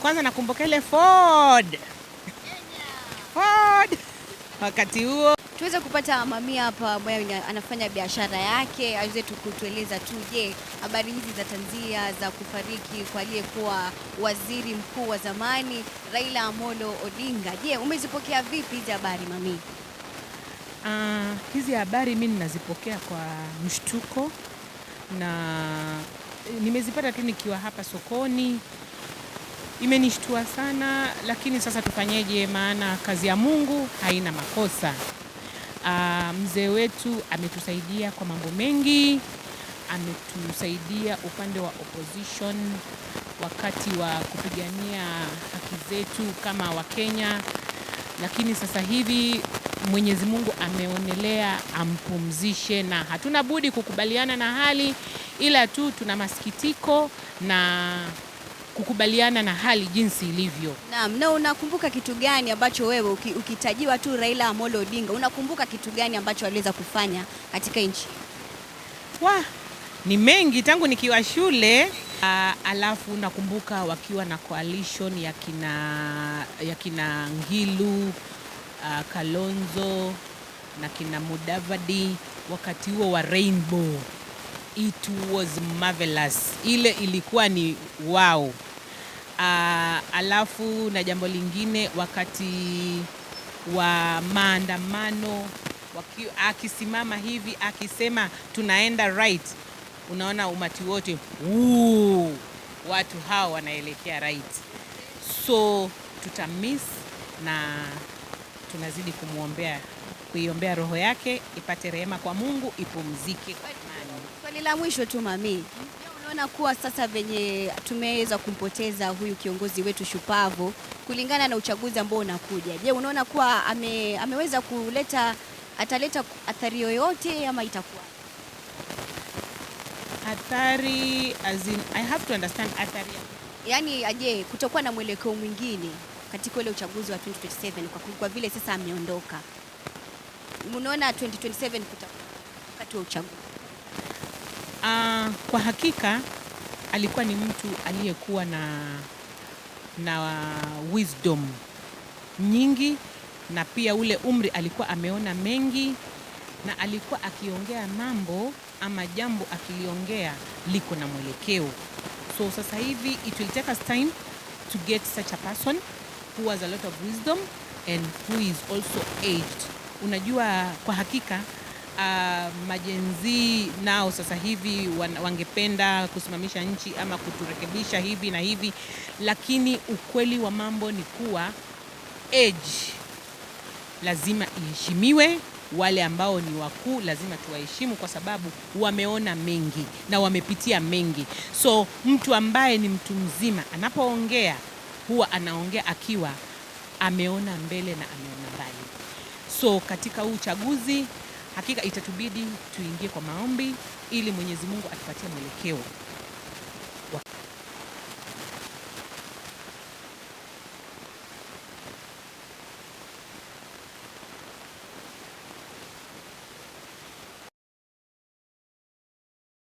Kwanza nakumbuka ile Ford. Ford. Wakati huo tuweze kupata mamia hapa ambaye anafanya biashara yake aweze kutueleza tu, je, habari hizi za tanzia za kufariki kwa aliyekuwa waziri mkuu wa zamani Raila Amolo Odinga, je, umezipokea vipi hizi habari mami? Uh, hizi habari mi ninazipokea kwa mshtuko na nimezipata tu nikiwa hapa sokoni imenishtua sana, lakini sasa tufanyeje? Maana kazi ya Mungu haina makosa. Uh, mzee wetu ametusaidia kwa mambo mengi, ametusaidia upande wa opposition wakati wa kupigania haki zetu kama Wakenya, lakini sasa hivi Mwenyezi Mungu ameonelea ampumzishe, na hatuna budi kukubaliana na hali, ila tu tuna masikitiko na kukubaliana na hali jinsi ilivyo. Naam, na unakumbuka kitu gani ambacho wewe ukitajiwa tu Raila Amolo Odinga unakumbuka kitu gani ambacho aliweza kufanya katika nchi? Wa, ni mengi tangu nikiwa shule uh, alafu nakumbuka wakiwa na coalition ya kina, ya kina Ngilu uh, Kalonzo na kina Mudavadi wakati huo wa Rainbow it was marvelous, ile ilikuwa ni wow. Uh, alafu na jambo lingine wakati wa maandamano waki, akisimama hivi akisema tunaenda right, unaona umati wote uu, watu hao wanaelekea right, so tutamiss na tunazidi kumwombea kuiombea roho yake ipate rehema kwa Mungu, ipumzike la mwisho tu mami, unaona kuwa sasa venye tumeweza kumpoteza huyu kiongozi wetu shupavu kulingana na uchaguzi ambao unakuja, je, unaona kuwa ame, ameweza kuleta ataleta athari yoyote ama itakuwa athari as in, I have to understand athari. Yaani aje kutakuwa na mwelekeo mwingine katika ule uchaguzi wa 2027 kwa, kwa vile sasa ameondoka, unaona 2027 kutakuwa wakati wa uchaguzi kwa hakika alikuwa ni mtu aliyekuwa na, na wisdom nyingi na pia ule umri alikuwa ameona mengi na alikuwa akiongea mambo ama jambo akiliongea liko na mwelekeo. So sasa hivi it will take us time to get such a person who has a lot of wisdom and who is also aged. Unajua kwa hakika uh, majenzii nao sasa hivi wangependa kusimamisha nchi ama kuturekebisha hivi na hivi, lakini ukweli wa mambo ni kuwa age lazima iheshimiwe. Wale ambao ni wakuu lazima tuwaheshimu, kwa sababu wameona mengi na wamepitia mengi. So mtu ambaye ni mtu mzima anapoongea huwa anaongea akiwa ameona mbele na ameona mbali. So katika huu uchaguzi hakika itatubidi tuingie kwa maombi ili Mwenyezi Mungu atupatie mwelekeo.